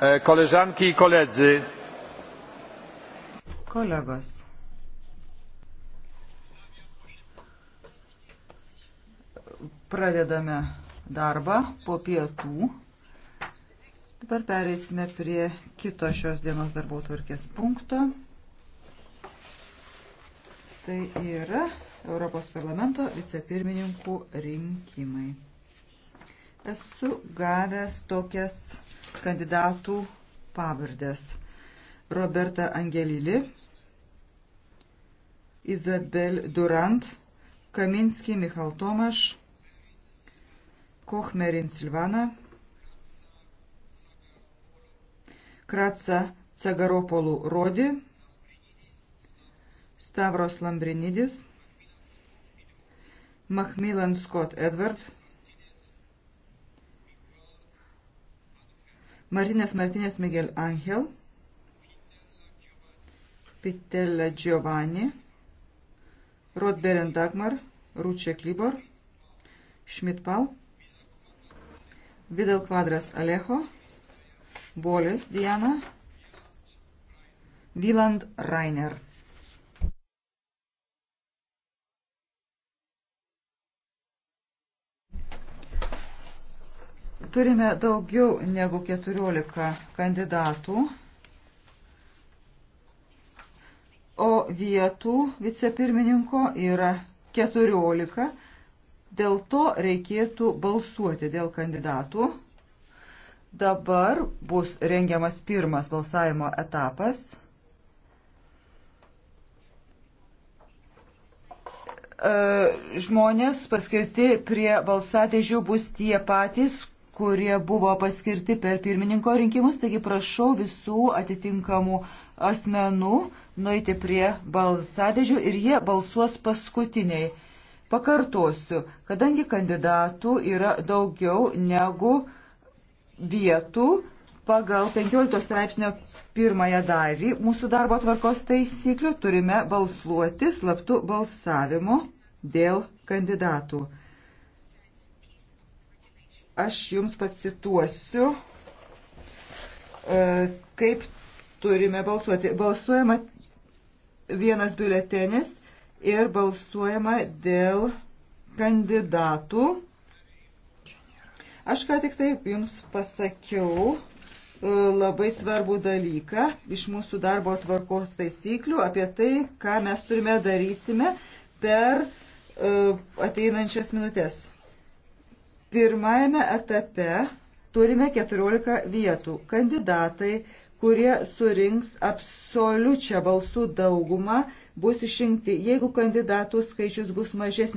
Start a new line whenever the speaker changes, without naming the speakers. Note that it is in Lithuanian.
E, koleżanki i koledzy. Kolegos. Pradedame darbą po pietų. Dabar pereisime prie kito šios dienos darbo tvarkės punkto. Tai yra Europos parlamento vicepirmininkų rinkimai. Esu gavęs tokias kandidatų pavardės. Roberta Angelili, Izabel Durant, Kaminski Michal Tomaš, Kochmerin Silvana, Kratsa Cagaropolų Rodi, Stavros Lambrinidis, Macmillan Scott Edward, Martinės Martinės Miguel Angel, Pitella Giovanni, Rodberen Dagmar, Ruček Libor, Šmitpal, Vidal Kvadras Alejo, Volis Diana, Viland Rainer. Turime daugiau negu 14 kandidatų, o vietų vicepirmininko yra 14. Dėl to reikėtų balsuoti dėl kandidatų. Dabar bus rengiamas pirmas balsavimo etapas. E, žmonės paskirti prie balsadėžių bus tie patys, kurie buvo paskirti per pirmininko rinkimus, taigi prašau visų atitinkamų asmenų nueiti prie balsadėžių ir jie balsuos paskutiniai. Pakartosiu, kadangi kandidatų yra daugiau negu vietų pagal 15 straipsnio pirmąją dalį mūsų darbo tvarkos taisyklių turime balsuoti slaptų balsavimu dėl kandidatų. Aš jums pacituosiu, e, kaip turime balsuoti. Balsuojama vienas biuletenis ir balsuojama dėl kandidatų. Aš ką tik taip jums pasakiau e, labai svarbų dalyką iš mūsų darbo tvarkos taisyklių apie tai, ką mes turime darysime per e, ateinančias minutės. Pirmajame etape turime 14 vietų. Kandidatai, kurie surinks absoliučią balsų daugumą, bus išrinkti. Jeigu kandidatų skaičius bus mažesnis,